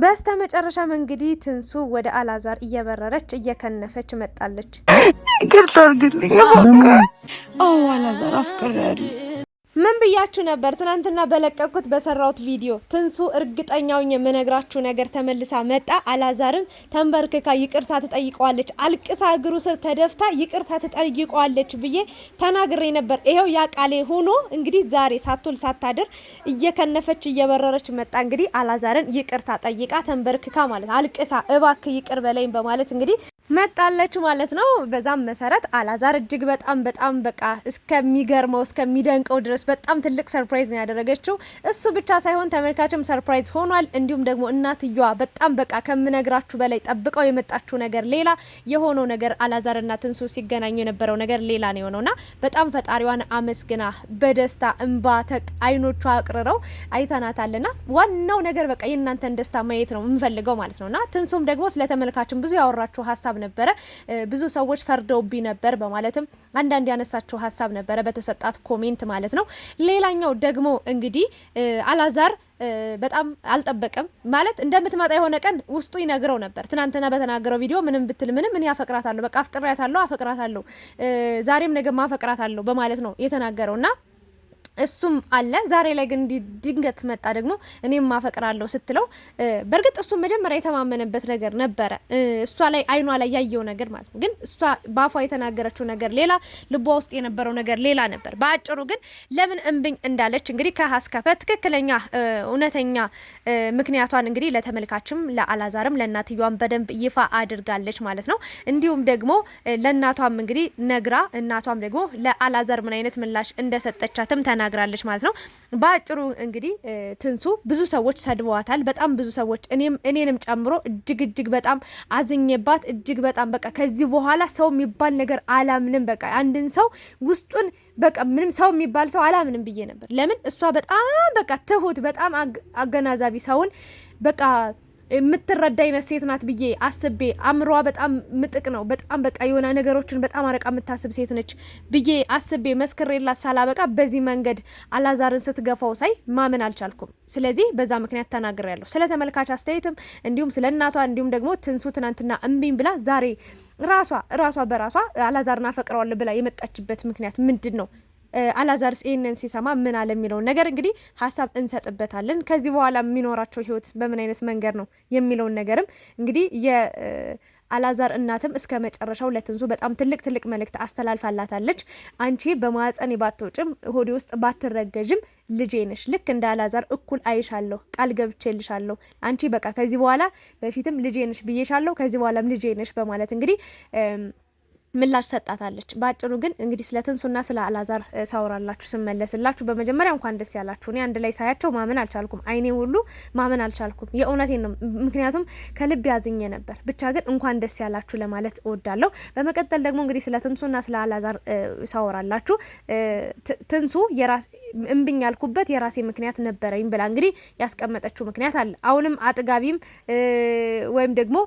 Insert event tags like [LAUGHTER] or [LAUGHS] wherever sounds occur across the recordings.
በስተ መጨረሻም እንግዲህ ትንሱ ወደ አላዛር እየበረረች እየከነፈች መጣለች። ይቅርታ አድርግልኝ አላዛር አፍቅሬያለሁ ምን ብያችሁ ነበር? ትናንትና በለቀኩት በሰራሁት ቪዲዮ ትንሱ እርግጠኛውኝ የምነግራችሁ ነገር ተመልሳ መጣ። አላዛርን ተንበርክካ ይቅርታ ትጠይቀዋለች፣ አልቅሳ እግሩ ስር ተደፍታ ይቅርታ ትጠይቀዋለች ብዬ ተናግሬ ነበር። ይሄው ያ ቃሌ ሆኖ እንግዲህ ዛሬ ሳትውል ሳታድር እየከነፈች እየበረረች መጣ። እንግዲህ አላዛርን ይቅርታ ጠይቃ ተንበርክካ ማለት አልቅሳ እባክ ይቅር በለኝ በማለት እንግዲህ መጣለች ማለት ነው። በዛም መሰረት አላዛር እጅግ በጣም በጣም በቃ እስከሚገርመው እስከሚደንቀው ድረስ በጣም ትልቅ ሰርፕራይዝ ነው ያደረገችው። እሱ ብቻ ሳይሆን ተመልካችም ሰርፕራይዝ ሆኗል። እንዲሁም ደግሞ እናትየዋ በጣም በቃ ከምነግራችሁ በላይ ጠብቀው የመጣችው ነገር ሌላ የሆነው ነገር አላዛርና ትንሱ ሲገናኙ የነበረው ነገር ሌላ ነው የሆነውና በጣም ፈጣሪዋን አመስግና በደስታ እንባ ተቅ አይኖቿ አቅርረው አይተናታልና ዋናው ነገር በቃ የእናንተን ደስታ ማየት ነው የምንፈልገው ማለት ነውና ትንሱም ደግሞ ስለተመልካችም ብዙ ያወራችሁ ሀሳብ ነበረ። ብዙ ሰዎች ፈርደውብኝ ነበር በማለትም አንዳንድ ያነሳቸው ሀሳብ ነበረ በተሰጣት ኮሜንት ማለት ነው። ሌላኛው ደግሞ እንግዲህ አላዛር በጣም አልጠበቀም ማለት እንደምትመጣ የሆነ ቀን ውስጡ ይነግረው ነበር። ትናንትና በተናገረው ቪዲዮ ምንም ብትል ምንም እኔ አፈቅራታለሁ፣ በቃ አፍቅሬያታለሁ፣ አፈቅራታለሁ፣ ዛሬም ነገም አፈቅራታለሁ በማለት ነው እና እሱም አለ ዛሬ ላይ ግን ድንገት መጣ ደግሞ እኔም ማፈቅራለሁ ስትለው፣ በእርግጥ እሱ መጀመሪያ የተማመነበት ነገር ነበረ እሷ ላይ አይኗ ላይ ያየው ነገር ማለት ነው። ግን እሷ በአፏ የተናገረችው ነገር ሌላ፣ ልቧ ውስጥ የነበረው ነገር ሌላ ነበር። በአጭሩ ግን ለምን እምብኝ እንዳለች እንግዲህ ከሀስከፈ ትክክለኛ እውነተኛ ምክንያቷን እንግዲህ ለተመልካችም ለአላዛርም ለእናትየዋም በደንብ ይፋ አድርጋለች ማለት ነው። እንዲሁም ደግሞ ለእናቷም እንግዲህ ነግራ እናቷም ደግሞ ለአላዛር ምን አይነት ምላሽ እንደሰጠቻትም ተና ተናግራለች ማለት ነው። በአጭሩ እንግዲህ ትንሱ ብዙ ሰዎች ሰድበዋታል። በጣም ብዙ ሰዎች እኔንም ጨምሮ እጅግ እጅግ በጣም አዝኜባት እጅግ በጣም በቃ ከዚህ በኋላ ሰው የሚባል ነገር አላምንም። በቃ አንድን ሰው ውስጡን በቃ ምንም ሰው የሚባል ሰው አላምንም ብዬ ነበር። ለምን እሷ በጣም በቃ ትሁት፣ በጣም አገናዛቢ ሰውን በቃ የምትረዳ አይነት ሴት ናት ብዬ አስቤ አእምሮዋ በጣም ምጥቅ ነው። በጣም በቃ የሆነ ነገሮችን በጣም አረቃ የምታስብ ሴት ነች ብዬ አስቤ መስክሬላት ሳላበቃ በዚህ መንገድ አላዛርን ስትገፋው ሳይ ማመን አልቻልኩም። ስለዚህ በዛ ምክንያት ተናግሬ ያለሁ ስለ ተመልካች አስተያየትም እንዲሁም ስለ እናቷ እንዲሁም ደግሞ ትንሱ ትናንትና እምቢኝ ብላ ዛሬ ራሷ ራሷ በራሷ አላዛርን አፈቅረዋለሁ ብላ የመጣችበት ምክንያት ምንድን ነው? አላዛርስ ይህንን ሲሰማ ምን አለ የሚለውን ነገር እንግዲህ ሀሳብ እንሰጥበታለን። ከዚህ በኋላ የሚኖራቸው ህይወት በምን አይነት መንገድ ነው የሚለውን ነገርም እንግዲህ አላዛር እናትም እስከ መጨረሻው ለትንሱ በጣም ትልቅ ትልቅ መልእክት አስተላልፋላታለች። አንቺ በማህፀኔ ባትወጭም ሆዴ ውስጥ ባትረገዥም ልጄ ነሽ። ልክ እንደ አላዛር እኩል አይሻለሁ፣ ቃል ገብቼልሻለሁ። አንቺ በቃ ከዚህ በኋላ በፊትም ልጄ ነሽ ብዬሻለሁ፣ ከዚህ በኋላም ልጄ ነሽ በማለት እንግዲህ ምላሽ ሰጣታለች። በአጭሩ ግን እንግዲህ ስለ ትንሱና ስለ አላዛር ሳውራላችሁ ስመለስላችሁ፣ በመጀመሪያ እንኳን ደስ ያላችሁ። እኔ አንድ ላይ ሳያቸው ማመን አልቻልኩም። አይኔ ሁሉ ማመን አልቻልኩም። የእውነቴ ነው። ምክንያቱም ከልብ ያዝኜ ነበር። ብቻ ግን እንኳን ደስ ያላችሁ ለማለት እወዳለሁ። በመቀጠል ደግሞ እንግዲህ ስለ ትንሱና ስለ አላዛር ሳውራላችሁ፣ ትንሱ እምብኝ ያልኩበት የራሴ ምክንያት ነበረኝ ብላ እንግዲህ ያስቀመጠችው ምክንያት አለ። አሁንም አጥጋቢም ወይም ደግሞ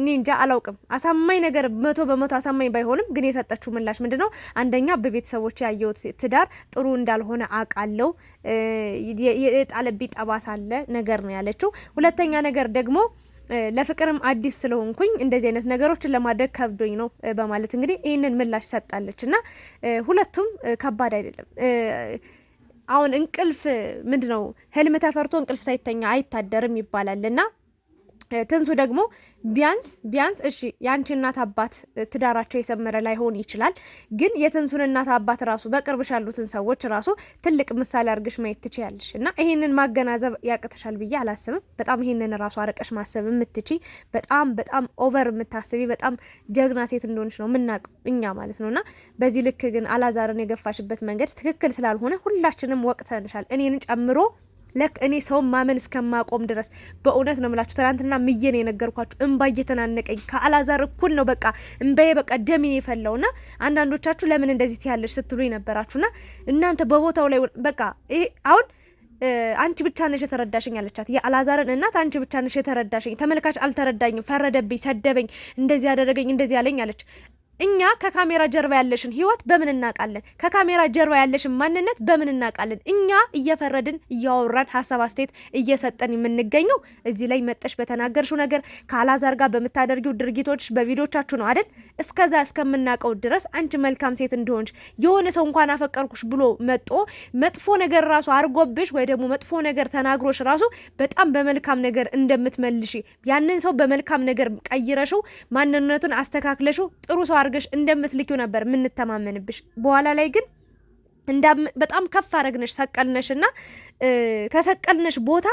እኔ እንጃ አላውቅም። አሳማኝ ነገር መቶ በመቶ አሳማኝ ባይሆንም ግን የሰጠችው ምላሽ ምንድን ነው? አንደኛ በቤተሰቦች ያየሁት ትዳር ጥሩ እንዳልሆነ አውቃለሁ፣ የጣለብኝ ጠባሳ አለ ነገር ነው ያለችው። ሁለተኛ ነገር ደግሞ ለፍቅርም አዲስ ስለሆንኩኝ እንደዚህ አይነት ነገሮችን ለማድረግ ከብዶኝ ነው በማለት እንግዲህ ይህንን ምላሽ ሰጣለች እና ሁለቱም ከባድ አይደለም። አሁን እንቅልፍ ምንድነው ህልም ተፈርቶ እንቅልፍ ሳይተኛ አይታደርም ይባላል እና ትንሱ ደግሞ ቢያንስ ቢያንስ እሺ የአንቺ እናት አባት ትዳራቸው የሰመረ ላይሆን ይችላል፣ ግን የትንሱን እናት አባት ራሱ በቅርብሽ ያሉትን ሰዎች ራሱ ትልቅ ምሳሌ አድርገሽ ማየት ትችያለሽ። እና ይሄንን ማገናዘብ ያቅትሻል ብዬ አላስብም። በጣም ይሄንን ራሱ አርቀሽ ማሰብ የምትች በጣም በጣም ኦቨር የምታስቢ በጣም ጀግና ሴት እንደሆንሽ ነው የምናውቀው እኛ ማለት ነው። እና በዚህ ልክ ግን አላዛርን የገፋሽበት መንገድ ትክክል ስላልሆነ ሁላችንም ወቅተንሻል እኔን ጨምሮ ለክ እኔ ሰውን ማመን እስከማቆም ድረስ በእውነት ነው የምላችሁ። ትናንትና ምየን የነገርኳችሁ እንባ እየተናነቀኝ ከአላዛር እኩል ነው። በቃ እንባዬ በቃ ደሜ የፈለው ና አንዳንዶቻችሁ ለምን እንደዚህ ትያለሽ ስትሉ ነበራችሁ። ና እናንተ በቦታው ላይ በቃ ይሄ አሁን አንቺ ብቻ ነሽ የተረዳሽኝ አለቻት። የአላዛርን እናት አንቺ ብቻ ነሽ የተረዳሽኝ፣ ተመልካች አልተረዳኝም፣ ፈረደብኝ፣ ሰደበኝ፣ እንደዚህ ያደረገኝ፣ እንደዚህ ያለኝ አለች። እኛ ከካሜራ ጀርባ ያለሽን ህይወት በምን እናውቃለን? ከካሜራ ጀርባ ያለሽን ማንነት በምን እናውቃለን? እኛ እየፈረድን እያወራን ሀሳብ አስተያየት እየሰጠን የምንገኘው እዚህ ላይ መጠሽ በተናገርሽው ነገር ካላዛር ጋር በምታደርጊው ድርጊቶች በቪዲዮቻችሁ ነው አይደል? እስከዛ እስከምናውቀው ድረስ አንቺ መልካም ሴት እንደሆንሽ የሆነ ሰው እንኳን አፈቀርኩሽ ብሎ መጦ መጥፎ ነገር ራሱ አርጎብሽ ወይ ደግሞ መጥፎ ነገር ተናግሮሽ ራሱ በጣም በመልካም ነገር እንደምትመልሽ ያንን ሰው በመልካም ነገር ቀይረሽው ማንነቱን አስተካክለሽው ጥሩ ሰው አድርገሽ እንደምትልኪው ነበር የምንተማመንብሽ። በኋላ ላይ ግን በጣም ከፍ አረግነሽ ሰቀልነሽ፣ እና ከሰቀልነሽ ቦታ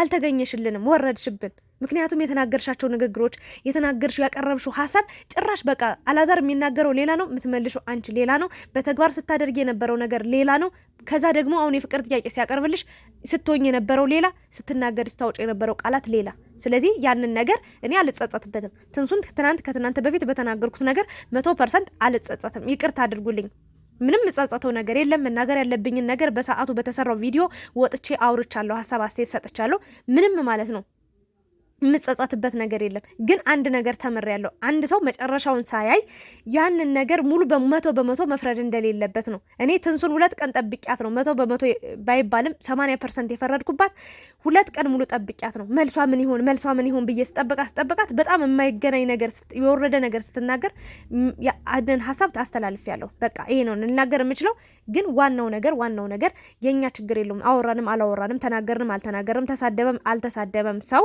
አልተገኘሽልንም፣ ወረድሽብን። ምክንያቱም የተናገርሻቸው ንግግሮች የተናገርሽው ያቀረብሽው ሀሳብ ጭራሽ በቃ አላዛር የሚናገረው ሌላ ነው፣ የምትመልሽው አንቺ ሌላ ነው። በተግባር ስታደርግ የነበረው ነገር ሌላ ነው። ከዛ ደግሞ አሁን የፍቅር ጥያቄ ሲያቀርብልሽ ስትሆኝ የነበረው ሌላ፣ ስትናገር ስታወጪ የነበረው ቃላት ሌላ። ስለዚህ ያንን ነገር እኔ አልጸጸትበትም። ትንሱን ትናንት ከትናንት በፊት በተናገርኩት ነገር መቶ ፐርሰንት አልጸጸትም። ይቅርታ አድርጉልኝ። ምንም የምጸጸተው ነገር የለም። መናገር ያለብኝን ነገር በሰዓቱ በተሰራው ቪዲዮ ወጥቼ አውርቻለሁ። ሀሳብ አስተያየት ሰጥቻለሁ። ምንም ማለት ነው የምጸጸትበት ነገር የለም። ግን አንድ ነገር ተምሬያለሁ። አንድ ሰው መጨረሻውን ሳያይ ያንን ነገር ሙሉ በመቶ በመቶ መፍረድ እንደሌለበት ነው። እኔ ትንሱን ሁለት ቀን ጠብቂያት ነው መቶ በመቶ ባይባልም ሰማንያ ፐርሰንት የፈረድኩባት ሁለት ቀን ሙሉ ጠብቂያት ነው። መልሷ ምን ይሆን መልሷ ምን ይሆን ብዬ ስጠብቅ አስጠብቃት በጣም የማይገናኝ ነገር የወረደ ነገር ስትናገር አንን ሀሳብ አስተላልፌያለሁ። በቃ ይሄ ነው ልናገር የምችለው። ግን ዋናው ነገር ዋናው ነገር የእኛ ችግር የለውም። አወራንም አላወራንም፣ ተናገርንም አልተናገርንም፣ ተሳደበም አልተሳደበም ሰው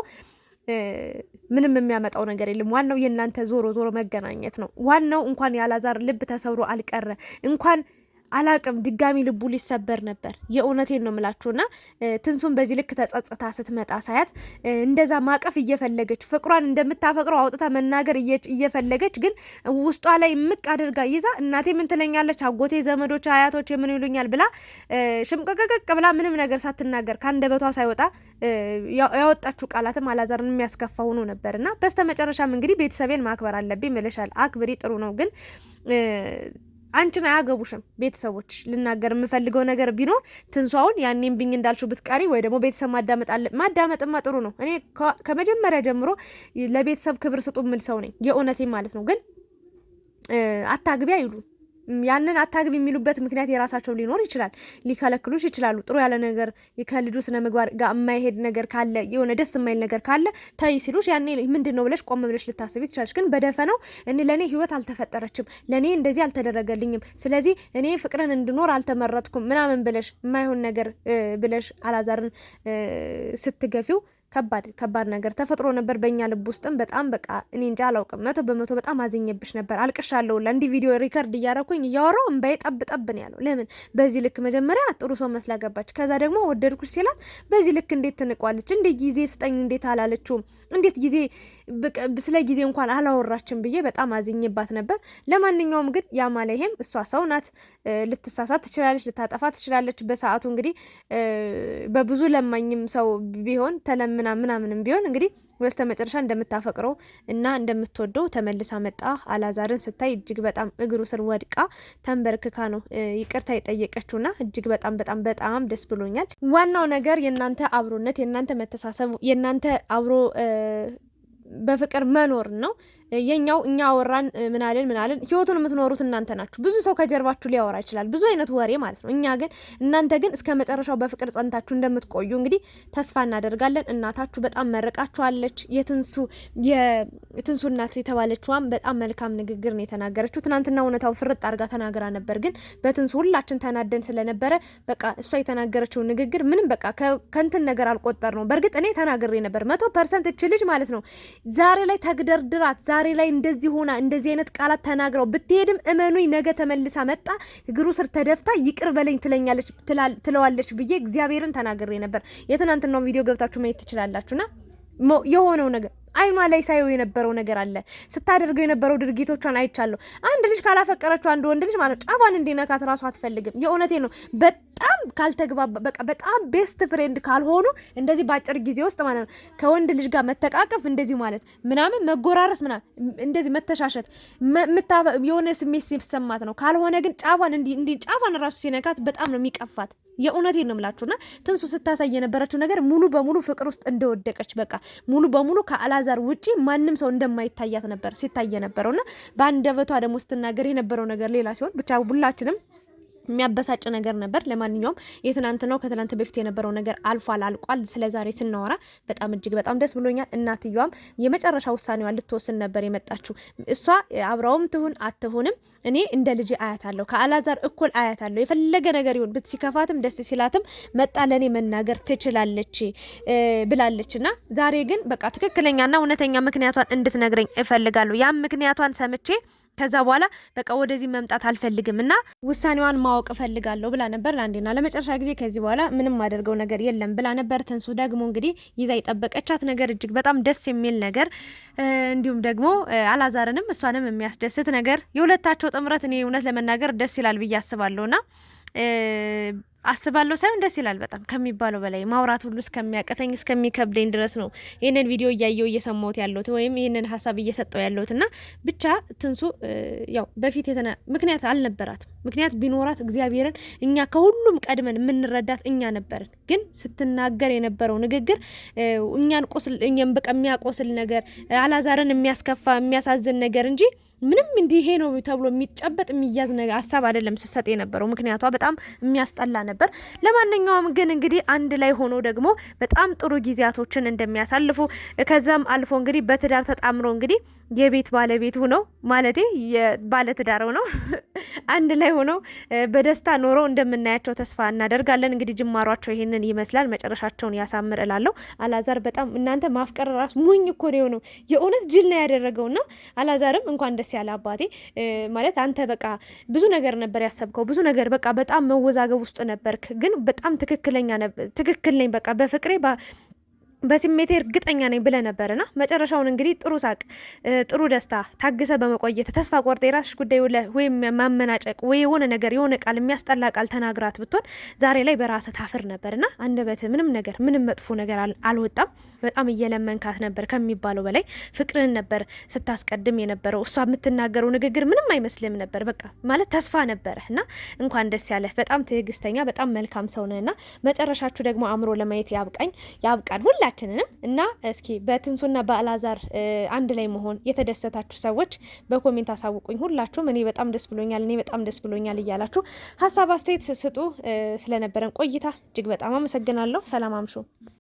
ምንም የሚያመጣው ነገር የለም። ዋናው የእናንተ ዞሮ ዞሮ መገናኘት ነው። ዋናው እንኳን የአላዛር ልብ ተሰብሮ አልቀረ እንኳን አላቅም ድጋሚ ልቡ ሊሰበር ነበር። የእውነቴን ነው ምላችሁና ትንሱን በዚህ ልክ ተጸጽታ ስትመጣ ሳያት እንደዛ ማቀፍ እየፈለገች ፍቅሯን እንደምታፈቅረው አውጥታ መናገር እየፈለገች ግን ውስጧ ላይ ምቅ አድርጋ ይዛ እናቴ ምን ትለኛለች፣ አጎቴ፣ ዘመዶች፣ አያቶች የምን ይሉኛል ብላ ሽምቅቅቅ ብላ ምንም ነገር ሳትናገር ከአንደበቷ ሳይወጣ ያወጣችሁ ቃላትም አላዛርን የሚያስከፋ ሆኖ ነበር እና መጨረሻም እንግዲህ ቤተሰቤን ማክበር አለብኝ እልሻለሁ። አክብሪ ጥሩ ነው ግን አንቺን አያገቡሽም ቤተሰቦች። ልናገር የምፈልገው ነገር ቢኖር ትንሷውን ያኔም ብኝ እንዳልሽው ብትቀሪ ወይ ደግሞ ቤተሰብ ማዳመጥ አለ። ማዳመጥማ ጥሩ ነው። እኔ ከመጀመሪያ ጀምሮ ለቤተሰብ ክብር ስጡ የምል ሰው ነኝ። የእውነቴ ማለት ነው። ግን አታግቢ አይሉም ያንን አታግቢ የሚሉበት ምክንያት የራሳቸው ሊኖር ይችላል። ሊከለክሉሽ ይችላሉ። ጥሩ ያለ ነገር ከልጁ ስነ ምግባር ጋር የማይሄድ ነገር ካለ፣ የሆነ ደስ የማይል ነገር ካለ ተይ ሲሉሽ ያኔ ምንድን ነው ብለሽ ቆም ብለሽ ልታስብ ትችላለሽ። ግን በደፈነው እኔ ለእኔ ህይወት አልተፈጠረችም፣ ለእኔ እንደዚህ አልተደረገልኝም፣ ስለዚህ እኔ ፍቅርን እንድኖር አልተመረጥኩም ምናምን ብለሽ የማይሆን ነገር ብለሽ አላዛርን ስትገፊው ከባድ ከባድ ነገር ተፈጥሮ ነበር በእኛ ልብ ውስጥም በጣም በቃ እኔ እንጃ አላውቅም። መቶ በመቶ በጣም አዘኘብሽ ነበር አልቅሻለሁ። ለእንዲህ ቪዲዮ ሪከርድ እያረኩኝ እያወራው እምባዬ ጠብ ጠብ ነው ያለው። ለምን በዚህ ልክ መጀመሪያ ጥሩ ሰው መስላ ገባች። ከዛ ደግሞ ወደድኩሽ ሲላት በዚህ ልክ እንዴት ትንቋለች? እንዴት ጊዜ ስጠኝ እንዴት አላለችውም? እንዴት ጊዜ ስለ ጊዜ እንኳን አላወራችን ብዬ በጣም አዝኜባት ነበር። ለማንኛውም ግን ያማለ ይሄም እሷ ሰው ናት፣ ልትሳሳት ትችላለች፣ ልታጠፋ ትችላለች። በሰዓቱ እንግዲህ በብዙ ለማኝም ሰው ቢሆን ተለምና ምናምንም ቢሆን እንግዲህ በስተ መጨረሻ እንደምታፈቅረው እና እንደምትወደው ተመልሳ መጣ። አላዛርን ስታይ እጅግ በጣም እግሩ ስር ወድቃ ተንበርክካ ነው ይቅርታ የጠየቀችውና እጅግ በጣም በጣም በጣም ደስ ብሎኛል። ዋናው ነገር የእናንተ አብሮነት፣ የእናንተ መተሳሰብ፣ የእናንተ አብሮ በፍቅር መኖር ነው። የኛው እኛ አወራን ምናልን ምናልን ህይወቱን የምትኖሩት እናንተ ናችሁ። ብዙ ሰው ከጀርባችሁ ሊያወራ ይችላል፣ ብዙ አይነት ወሬ ማለት ነው። እኛ ግን እናንተ ግን እስከ መጨረሻው በፍቅር ጸንታችሁ እንደምትቆዩ እንግዲህ ተስፋ እናደርጋለን። እናታችሁ በጣም መረቃችኋለች። የትንሱ የትንሱ እናት የተባለችዋም በጣም መልካም ንግግር ነው የተናገረችው። ትናንትና እውነታው ፍርጥ አድርጋ ተናግራ ነበር፣ ግን በትንሱ ሁላችን ተናደን ስለነበረ በቃ እሷ የተናገረችው ንግግር ምንም በቃ ከንትን ነገር አልቆጠር ነው። በእርግጥ እኔ ተናግሬ ነበር መቶ ፐርሰንት እች ልጅ ማለት ነው ዛሬ ላይ ተግደርድራት ዛሬ ላይ እንደዚህ ሆና እንደዚህ አይነት ቃላት ተናግረው ብትሄድም እመኑኝ ነገ ተመልሳ መጣ እግሩ ስር ተደፍታ ይቅር በለኝ ትለኛለች ትለዋለች ብዬ እግዚአብሔርን ተናግሬ ነበር። የትናንትናውን ቪዲዮ ገብታችሁ ማየት ትችላላችሁና የሆነው ነገር አይኗ ላይ ሳየው የነበረው ነገር አለ። ስታደርገው የነበረው ድርጊቶቿን አይቻለሁ። አንድ ልጅ ካላፈቀረችው አንድ ወንድ ልጅ ማለት ጫፏን እንዲነካት ራሱ አትፈልግም። የእውነቴ ነው በጣም ካልተግባባ በቃ በጣም ቤስት ፍሬንድ ካልሆኑ እንደዚህ በአጭር ጊዜ ውስጥ ማለት ነው ከወንድ ልጅ ጋር መተቃቀፍ እንደዚህ ማለት ምናምን መጎራረስ ምናምን እንደዚህ መተሻሸት የሆነ ስሜት ሲሰማት ነው። ካልሆነ ግን ጫፏን እንዲህ ጫፏን ራሱ ሲነካት በጣም ነው የሚቀፋት። የእውነቴን ነው የምላችሁና ትንሱ ስታሳይ የነበረችው ነገር ሙሉ በሙሉ ፍቅር ውስጥ እንደወደቀች በቃ ሙሉ በሙሉ ከአላዛር ውጪ ማንም ሰው እንደማይታያት ነበር ሲታይ የነበረውና በአንደበቷ ደግሞ ስትናገር የነበረው ነገር ሌላ ሲሆን ብቻ ሁላችንም የሚያበሳጭ ነገር ነበር። ለማንኛውም ነው ከትናንት በፊት የነበረው ነገር አልፏል፣ አልቋል። ስለ ዛሬ ስናወራ በጣም እጅግ በጣም ደስ ብሎኛል። እናትየዋም የመጨረሻ ውሳኔዋ ልትወስን ነበር የመጣችው። እሷ አብራውም ትሁን አትሁንም እኔ እንደ ልጅ አያታለሁ፣ ከአላዛር እኩል አያታለሁ። የፈለገ ነገር ይሁን ብትሲከፋትም ደስ ሲላትም መጣ ለእኔ መናገር ትችላለች ብላለች። እና ዛሬ ግን በቃ ትክክለኛና እውነተኛ ምክንያቷን እንድትነግረኝ እፈልጋለሁ። ያም ምክንያቷን ሰምቼ ከዛ በኋላ በቃ ወደዚህ መምጣት አልፈልግም እና ውሳኔዋን ማወቅ እፈልጋለሁ ብላ ነበር። ለአንዴና ለመጨረሻ ጊዜ ከዚህ በኋላ ምንም አደርገው ነገር የለም ብላ ነበር። ትንሱ ደግሞ እንግዲህ ይዛ የጠበቀቻት ነገር እጅግ በጣም ደስ የሚል ነገር፣ እንዲሁም ደግሞ አላዛርንም እሷንም የሚያስደስት ነገር የሁለታቸው ጥምረት እኔ እውነት ለመናገር ደስ ይላል ብዬ አስባለሁና አስባለሁ ሳይሆን ደስ ይላል። በጣም ከሚባለው በላይ ማውራት ሁሉ እስከሚያቀተኝ እስከሚከብደኝ ድረስ ነው ይህንን ቪዲዮ እያየው እየሰማሁት ያለሁት ወይም ይህንን ሀሳብ እየሰጠው ያለሁት እና ብቻ ትንሱ ያው በፊት የተነ ምክንያት አልነበራትም። ምክንያት ቢኖራት እግዚአብሔርን እኛ ከሁሉም ቀድመን የምንረዳት እኛ ነበርን። ግን ስትናገር የነበረው ንግግር እኛን ቁስል እኛም በቃ የሚያቆስል ነገር አላዛርን የሚያስከፋ የሚያሳዝን ነገር እንጂ ምንም እንዲህ ይሄ ነው ተብሎ የሚጨበጥ የሚያዝ ነገር ሀሳብ አይደለም ስሰጥ የነበረው ምክንያቷ በጣም የሚያስጠላ ነበር። ለማንኛውም ግን እንግዲህ አንድ ላይ ሆኖ ደግሞ በጣም ጥሩ ጊዜያቶችን እንደሚያሳልፉ ከዛም አልፎ እንግዲህ በትዳር ተጣምሮ እንግዲህ የቤት ባለቤት ሆነው ማለቴ ባለትዳር ሆነው [LAUGHS] አንድ ላይ ሆነው በደስታ ኖሮ እንደምናያቸው ተስፋ እናደርጋለን። እንግዲህ ጅማሯቸው ይሄንን ይመስላል። መጨረሻቸውን ያሳምር እላለሁ። አላዛር በጣም እናንተ ማፍቀር ራሱ ሙኝ እኮ ነው የሆነው። የእውነት ጅል ነው ያደረገውና አላዛርም እንኳን ደስ ያለ አባቴ ማለት አንተ በቃ ብዙ ነገር ነበር ያሰብከው፣ ብዙ ነገር በቃ በጣም መወዛገብ ውስጥ ነበርክ፣ ግን በጣም ትክክለኛ ትክክል ነኝ በቃ በፍቅሬ በስሜቴ እርግጠኛ ነኝ ብለ ነበርና መጨረሻውን እንግዲህ ጥሩ ሳቅ፣ ጥሩ ደስታ ታግሰ በመቆየት ተስፋ ቆርጠ የራስሽ ጉዳይ ወይም ማመናጨቅ ወይ የሆነ ነገር የሆነ ቃል የሚያስጠላ ቃል ተናግራት ብትሆን ዛሬ ላይ በራሰ ታፍር ነበርና አንደበት ምንም ነገር ምንም መጥፎ ነገር አልወጣም። በጣም እየለመንካት ነበር ከሚባለው በላይ ፍቅርን ነበር ስታስቀድም የነበረው። እሷ የምትናገረው ንግግር ምንም አይመስልም ነበር በቃ ማለት ተስፋ ነበረ እና እንኳን ደስ ያለ በጣም ትዕግስተኛ በጣም መልካም ሰው ነህና መጨረሻችሁ ደግሞ አእምሮ ለማየት ያብቃኝ ያብቃን ሁላ ሁላችንንም እና እስኪ በትንሱና በአላዛር አንድ ላይ መሆን የተደሰታችሁ ሰዎች በኮሜንት አሳውቁኝ። ሁላችሁም እኔ በጣም ደስ ብሎኛል፣ እኔ በጣም ደስ ብሎኛል እያላችሁ ሀሳብ አስተያየት ስጡ። ስለነበረን ቆይታ እጅግ በጣም አመሰግናለሁ። ሰላም አምሹ።